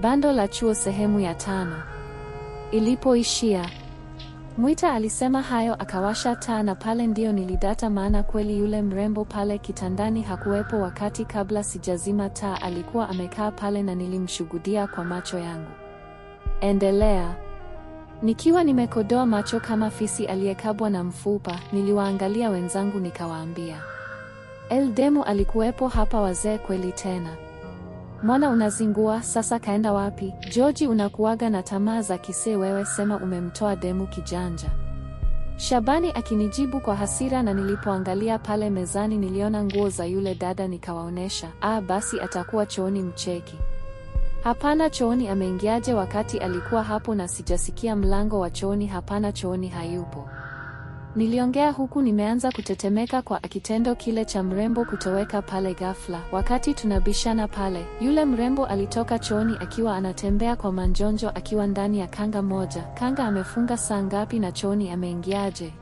Bando la chuo sehemu ya tano. Ilipoishia, Mwita alisema hayo akawasha taa na pale ndio nilidata, maana kweli yule mrembo pale kitandani hakuwepo wakati kabla sijazima taa, alikuwa amekaa pale na nilimshuhudia kwa macho yangu. Endelea. Nikiwa nimekodoa macho kama fisi aliyekabwa na mfupa, niliwaangalia wenzangu nikawaambia, Eldemu alikuwepo hapa wazee, kweli tena. Mwana unazingua sasa, kaenda wapi? George, unakuwaga na tamaa za kisee wewe, sema umemtoa demu kijanja. Shabani akinijibu kwa hasira, na nilipoangalia pale mezani niliona nguo za yule dada, nikawaonesha. Ah, basi atakuwa chooni, mcheki. Hapana, chooni ameingiaje wakati alikuwa hapo na sijasikia mlango wa chooni? Hapana, chooni hayupo. Niliongea huku nimeanza kutetemeka kwa kitendo kile cha mrembo kutoweka pale ghafla. Wakati tunabishana pale, yule mrembo alitoka chooni akiwa anatembea kwa manjonjo akiwa ndani ya kanga moja. Kanga amefunga saa ngapi na chooni ameingiaje?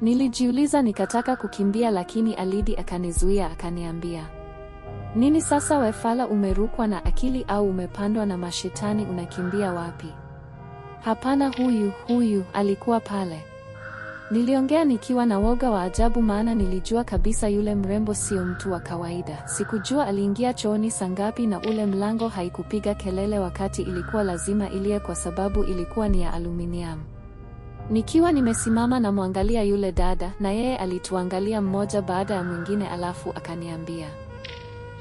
Nilijiuliza nikataka kukimbia lakini Alidi akanizuia akaniambia, "Nini sasa wefala umerukwa na akili au umepandwa na mashetani unakimbia wapi? Hapana huyu, huyu alikuwa pale." Niliongea nikiwa na woga wa ajabu maana nilijua kabisa yule mrembo sio mtu wa kawaida. Sikujua aliingia chooni saa ngapi na ule mlango haikupiga kelele wakati ilikuwa lazima ilie kwa sababu ilikuwa ni ya aluminiamu. Nikiwa nimesimama na yule dada na yeye alituangalia mmoja baada ya mwingine alafu akaniambia,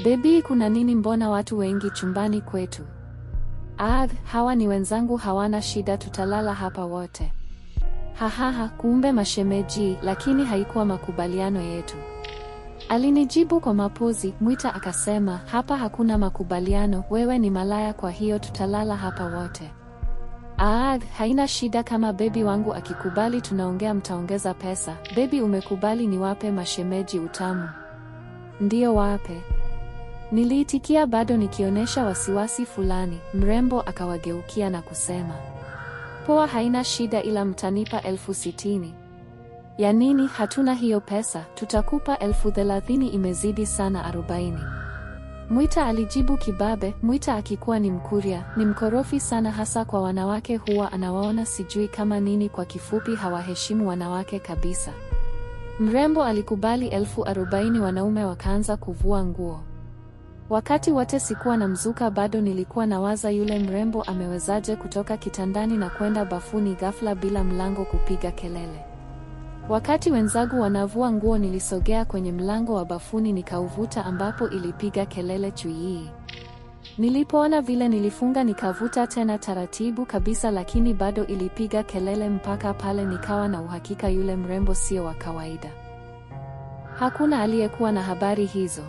"Bebi, kuna nini mbona watu wengi chumbani kwetu?" "Ah, hawa ni wenzangu hawana shida tutalala hapa wote." Hahaha, kumbe mashemeji, lakini haikuwa makubaliano yetu. Alinijibu kwa mapozi. Mwita akasema, hapa hakuna makubaliano, wewe ni malaya, kwa hiyo tutalala hapa wote. Ah, haina shida, kama bebi wangu akikubali tunaongea, mtaongeza pesa. Bebi, umekubali niwape mashemeji utamu? Ndiyo, wape. Niliitikia bado nikionyesha wasiwasi fulani. Mrembo akawageukia na kusema Poa, haina shida, ila mtanipa elfu sitini. Ya nini? Hatuna hiyo pesa, tutakupa elfu thelathini, imezidi sana arobaini. Mwita alijibu kibabe. Mwita akikuwa ni Mkuria, ni mkorofi sana, hasa kwa wanawake, huwa anawaona sijui kama nini, kwa kifupi hawaheshimu wanawake kabisa. Mrembo alikubali elfu arobaini, wanaume wakaanza kuvua nguo. Wakati wote sikuwa na mzuka bado, nilikuwa nawaza yule mrembo amewezaje kutoka kitandani na kwenda bafuni ghafla bila mlango kupiga kelele. Wakati wenzangu wanavua nguo, nilisogea kwenye mlango wa bafuni nikauvuta, ambapo ilipiga kelele chui. Nilipoona vile nilifunga nikavuta tena taratibu kabisa, lakini bado ilipiga kelele mpaka pale nikawa na uhakika yule mrembo sio wa kawaida. Hakuna aliyekuwa na habari hizo.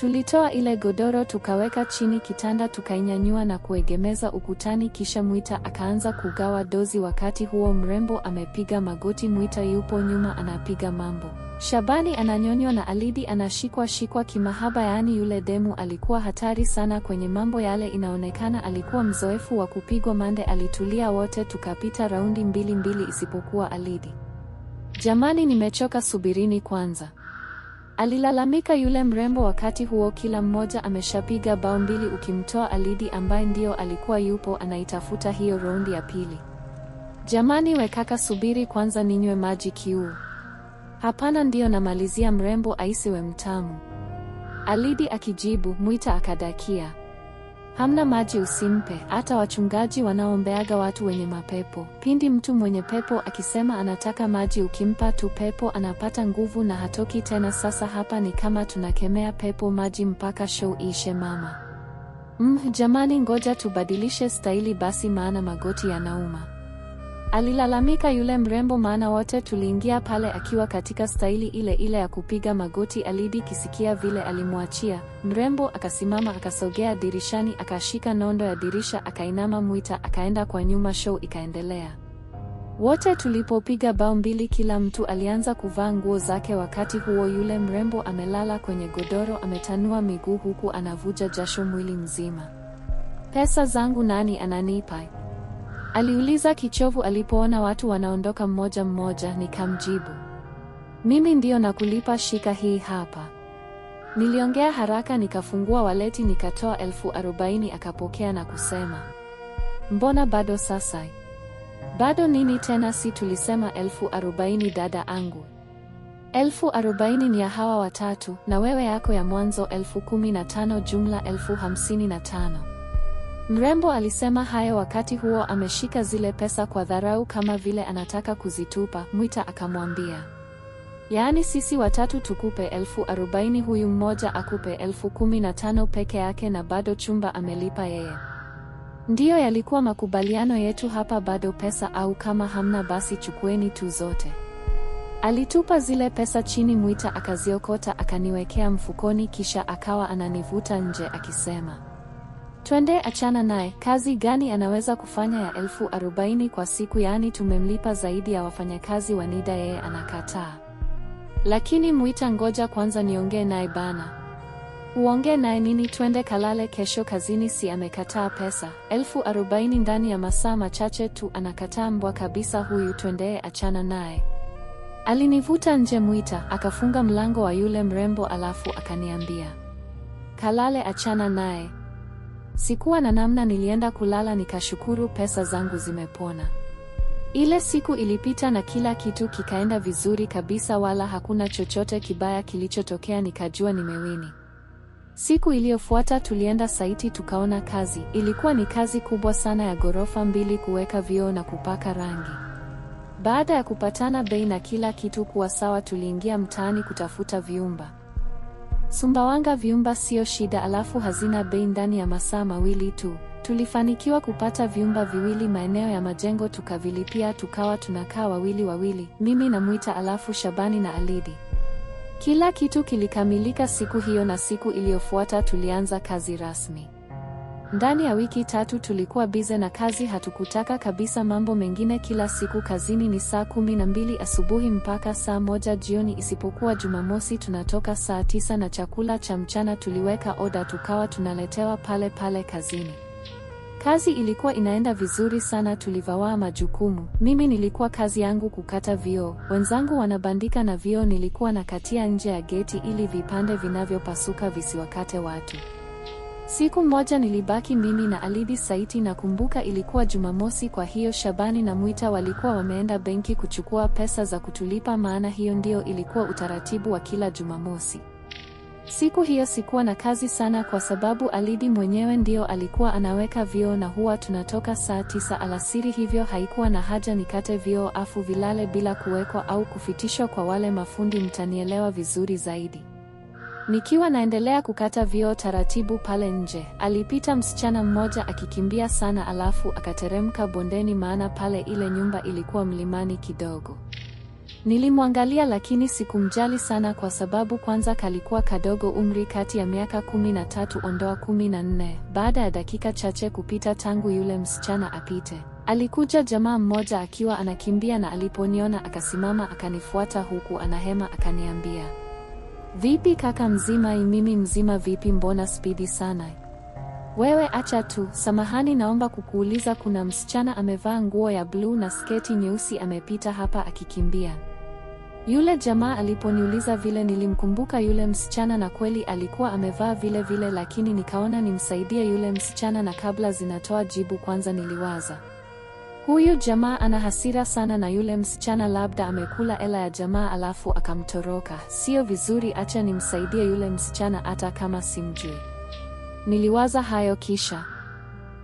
Tulitoa ile godoro tukaweka chini kitanda tukainyanyua na kuegemeza ukutani kisha Mwita akaanza kugawa dozi wakati huo mrembo amepiga magoti Mwita yupo nyuma anapiga mambo. Shabani ananyonywa na Alidi anashikwa shikwa kimahaba yaani yule demu alikuwa hatari sana kwenye mambo yale inaonekana alikuwa mzoefu wa kupigwa mande alitulia wote tukapita raundi mbili mbili isipokuwa Alidi. Jamani nimechoka subirini kwanza alilalamika yule mrembo. Wakati huo kila mmoja ameshapiga bao mbili, ukimtoa Alidi ambaye ndio alikuwa yupo anaitafuta hiyo raundi ya pili. Jamani we kaka, subiri kwanza ninywe maji kiu. Hapana, ndiyo namalizia mrembo, aisi we mtamu. Alidi akijibu, Mwita akadakia. Hamna maji usimpe, hata wachungaji wanaombeaga watu wenye mapepo. Pindi mtu mwenye pepo akisema anataka maji, ukimpa tu pepo anapata nguvu na hatoki tena. Sasa hapa ni kama tunakemea pepo maji mpaka show ishe mama. Mm, jamani ngoja tubadilishe staili basi maana magoti yanauma. Alilalamika yule mrembo maana wote tuliingia pale akiwa katika staili ile ile ya kupiga magoti. Alidi kisikia vile alimwachia mrembo, akasimama akasogea dirishani, akashika nondo ya dirisha, akainama Mwita akaenda kwa nyuma. Show ikaendelea. Wote tulipopiga bao mbili, kila mtu alianza kuvaa nguo zake. Wakati huo yule mrembo amelala kwenye godoro, ametanua miguu huku anavuja jasho mwili mzima. Pesa zangu nani ananipa? aliuliza kichovu alipoona watu wanaondoka mmoja mmoja. Nikamjibu, mimi ndiyo nakulipa, shika hii hapa. Niliongea haraka, nikafungua waleti, nikatoa elfu arobaini. Akapokea na kusema, mbona bado? Sasa bado nini tena? Si tulisema elfu arobaini dada angu? Elfu arobaini ni ya hawa watatu, na wewe yako ya mwanzo elfu kumi na tano, jumla elfu hamsini na tano. Mrembo alisema hayo wakati huo ameshika zile pesa kwa dharau kama vile anataka kuzitupa. Mwita akamwambia, yaani sisi watatu tukupe elfu arobaini huyu mmoja akupe elfu kumi na tano peke yake na bado chumba amelipa yeye. Ndiyo yalikuwa makubaliano yetu hapa, bado pesa au kama hamna basi chukueni tu zote. Alitupa zile pesa chini, Mwita akaziokota akaniwekea mfukoni, kisha akawa ananivuta nje akisema Twende achana naye. Kazi gani anaweza kufanya ya elfu arobaini kwa siku? Yaani tumemlipa zaidi ya wafanyakazi wa NIDA, yeye anakataa. Lakini Mwita, ngoja kwanza niongee naye bana. Uongee naye nini? Twende kalale kesho kazini, si amekataa pesa elfu arobaini ndani ya masaa machache tu? Anakataa mbwa kabisa huyu, twendee achana naye. Alinivuta nje Mwita, akafunga mlango wa yule mrembo alafu akaniambia kalale, achana naye. Sikuwa na namna, nilienda kulala nikashukuru pesa zangu zimepona. Ile siku ilipita na kila kitu kikaenda vizuri kabisa, wala hakuna chochote kibaya kilichotokea, nikajua nimewini. Siku iliyofuata tulienda saiti tukaona kazi. Ilikuwa ni kazi kubwa sana ya ghorofa mbili kuweka vioo na kupaka rangi. Baada ya kupatana bei na kila kitu kuwa sawa, tuliingia mtaani kutafuta vyumba. Sumbawanga vyumba sio shida, alafu hazina bei. Ndani ya masaa mawili tu tulifanikiwa kupata vyumba viwili maeneo ya majengo, tukavilipia tukawa tunakaa wawili wawili, mimi na Mwita, alafu Shabani na Alidi. Kila kitu kilikamilika siku hiyo, na siku iliyofuata tulianza kazi rasmi. Ndani ya wiki tatu tulikuwa bize na kazi, hatukutaka kabisa mambo mengine. Kila siku kazini ni saa kumi na mbili asubuhi mpaka saa moja jioni, isipokuwa Jumamosi tunatoka saa tisa na chakula cha mchana tuliweka oda, tukawa tunaletewa pale pale kazini. Kazi ilikuwa inaenda vizuri sana, tulivawaa majukumu. Mimi nilikuwa kazi yangu kukata vioo, wenzangu wanabandika, na vioo nilikuwa nakatia nje ya geti ili vipande vinavyopasuka visiwakate watu. Siku moja nilibaki mimi na Alibi Saiti na kumbuka ilikuwa Jumamosi kwa hiyo Shabani na Mwita walikuwa wameenda benki kuchukua pesa za kutulipa maana hiyo ndio ilikuwa utaratibu wa kila Jumamosi. Siku hiyo sikuwa na kazi sana kwa sababu Alibi mwenyewe ndio alikuwa anaweka vyoo na huwa tunatoka saa tisa alasiri hivyo haikuwa na haja nikate vyoo afu vilale bila kuwekwa au kufitishwa kwa wale mafundi mtanielewa vizuri zaidi. Nikiwa naendelea kukata vioo taratibu pale nje, alipita msichana mmoja akikimbia sana, alafu akateremka bondeni, maana pale ile nyumba ilikuwa mlimani kidogo. Nilimwangalia lakini sikumjali sana kwa sababu kwanza kalikuwa kadogo, umri kati ya miaka kumi na tatu ondoa kumi na nne. Baada ya dakika chache kupita tangu yule msichana apite, alikuja jamaa mmoja akiwa anakimbia, na aliponiona akasimama akanifuata huku anahema, akaniambia Vipi kaka mzima? Mimi mzima. Vipi, mbona spidi sana? Wewe acha tu. Samahani, naomba kukuuliza, kuna msichana amevaa nguo ya bluu na sketi nyeusi amepita hapa akikimbia. Yule jamaa aliponiuliza vile, nilimkumbuka yule msichana, na kweli alikuwa amevaa vile vile, lakini nikaona nimsaidie yule msichana, na kabla zinatoa jibu, kwanza niliwaza Huyu jamaa ana hasira sana na yule msichana, labda amekula hela ya jamaa alafu akamtoroka. Sio vizuri, acha nimsaidie yule msichana hata kama simjui. Niliwaza hayo kisha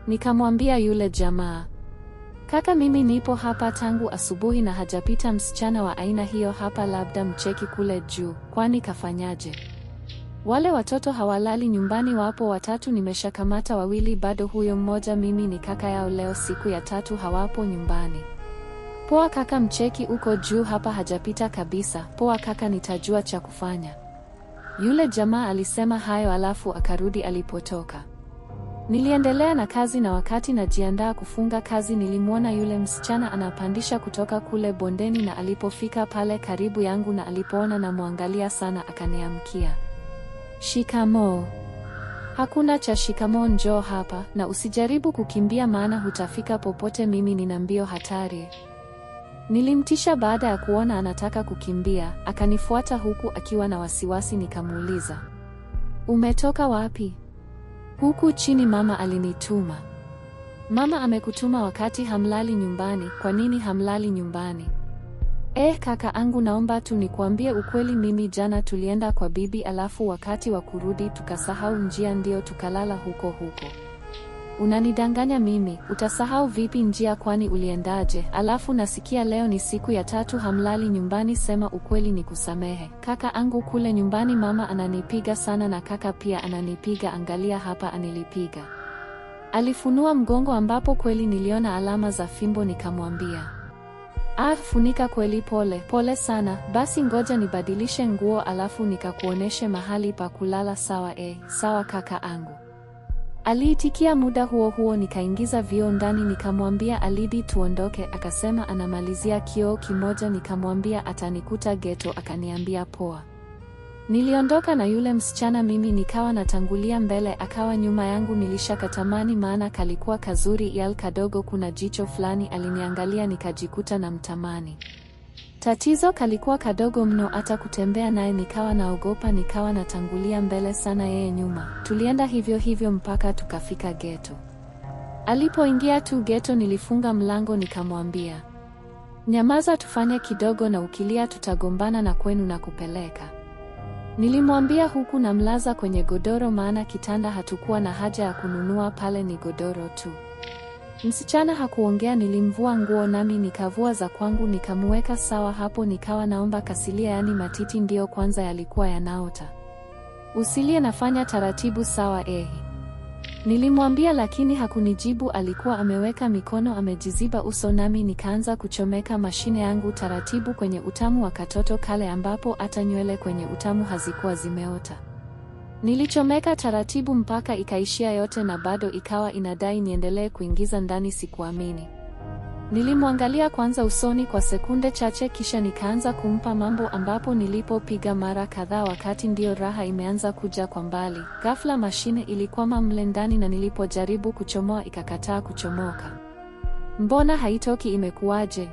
nikamwambia yule jamaa, kaka, mimi nipo hapa tangu asubuhi na hajapita msichana wa aina hiyo hapa, labda mcheki kule juu, kwani kafanyaje? Wale watoto hawalali nyumbani, wapo watatu, nimeshakamata wawili, bado huyo mmoja, mimi ni kaka yao. Leo siku ya tatu hawapo nyumbani. Poa kaka, mcheki uko juu, hapa hajapita kabisa. Poa kaka, nitajua cha kufanya. Yule jamaa alisema hayo alafu akarudi alipotoka. Niliendelea na kazi na wakati najiandaa kufunga kazi nilimwona yule msichana anapandisha kutoka kule bondeni na alipofika pale karibu yangu na alipoona namwangalia sana akaniamkia. Shikamoo. Hakuna cha shikamoo, njoo hapa na usijaribu kukimbia maana hutafika popote. Mimi nina mbio hatari. Nilimtisha baada ya kuona anataka kukimbia, akanifuata huku akiwa na wasiwasi. Nikamuuliza, umetoka wapi? Huku chini, mama alinituma. Mama amekutuma wakati hamlali nyumbani? Kwa nini hamlali nyumbani? Eh, kaka angu naomba tu nikuambie ukweli, mimi jana tulienda kwa bibi, alafu wakati wa kurudi tukasahau njia, ndio tukalala huko huko. Unanidanganya mimi? Utasahau vipi njia? Kwani uliendaje? Alafu nasikia leo ni siku ya tatu hamlali nyumbani, sema ukweli nikusamehe. Kaka angu kule nyumbani mama ananipiga sana na kaka pia ananipiga, angalia hapa anilipiga. Alifunua mgongo ambapo kweli niliona alama za fimbo, nikamwambia Ah, funika kweli, pole pole sana. Basi ngoja nibadilishe nguo alafu nikakuoneshe mahali pa kulala, sawa? Eh, sawa kaka angu, aliitikia. Muda huo huo nikaingiza vio ndani, nikamwambia Alidi tuondoke, akasema anamalizia kioo kimoja, nikamwambia atanikuta geto, akaniambia poa. Niliondoka na yule msichana mimi nikawa natangulia mbele akawa nyuma yangu nilishakatamani maana kalikuwa kazuri yal kadogo kuna jicho fulani aliniangalia nikajikuta na mtamani. Tatizo kalikuwa kadogo mno hata kutembea naye nikawa naogopa nikawa natangulia mbele sana yeye nyuma. Tulienda hivyo hivyo mpaka tukafika geto. Alipoingia tu geto nilifunga mlango nikamwambia, "Nyamaza tufanye kidogo na ukilia tutagombana na kwenu na kupeleka." Nilimwambia huku namlaza kwenye godoro maana kitanda hatukuwa na haja ya kununua pale ni godoro tu. Msichana hakuongea nilimvua nguo nami nikavua za kwangu nikamuweka sawa hapo nikawa naomba kasilia yani matiti ndiyo kwanza yalikuwa yanaota. Usilie nafanya taratibu sawa ehi. Nilimwambia lakini hakunijibu. Alikuwa ameweka mikono amejiziba uso, nami nikaanza kuchomeka mashine yangu taratibu kwenye utamu wa katoto kale, ambapo hata nywele kwenye utamu hazikuwa zimeota. Nilichomeka taratibu mpaka ikaishia yote, na bado ikawa inadai niendelee kuingiza ndani. Sikuamini. Nilimwangalia kwanza usoni kwa sekunde chache kisha nikaanza kumpa mambo ambapo nilipopiga mara kadhaa wakati ndiyo raha imeanza kuja kwa mbali. Ghafla mashine ilikwama mle ndani na nilipojaribu kuchomoa ikakataa kuchomoka. Mbona haitoki imekuwaje?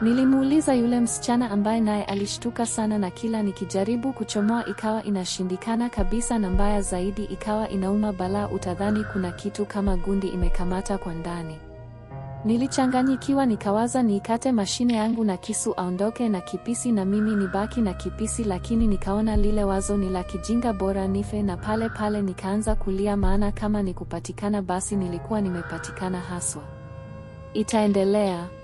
Nilimuuliza yule msichana ambaye naye alishtuka sana na kila nikijaribu kuchomoa ikawa inashindikana kabisa na mbaya zaidi ikawa inauma balaa utadhani kuna kitu kama gundi imekamata kwa ndani. Nilichanganyikiwa nikawaza niikate mashine yangu na kisu aondoke na kipisi na mimi nibaki na kipisi, lakini nikaona lile wazo ni la kijinga, bora nife na pale pale nikaanza kulia, maana kama nikupatikana basi nilikuwa nimepatikana haswa. Itaendelea.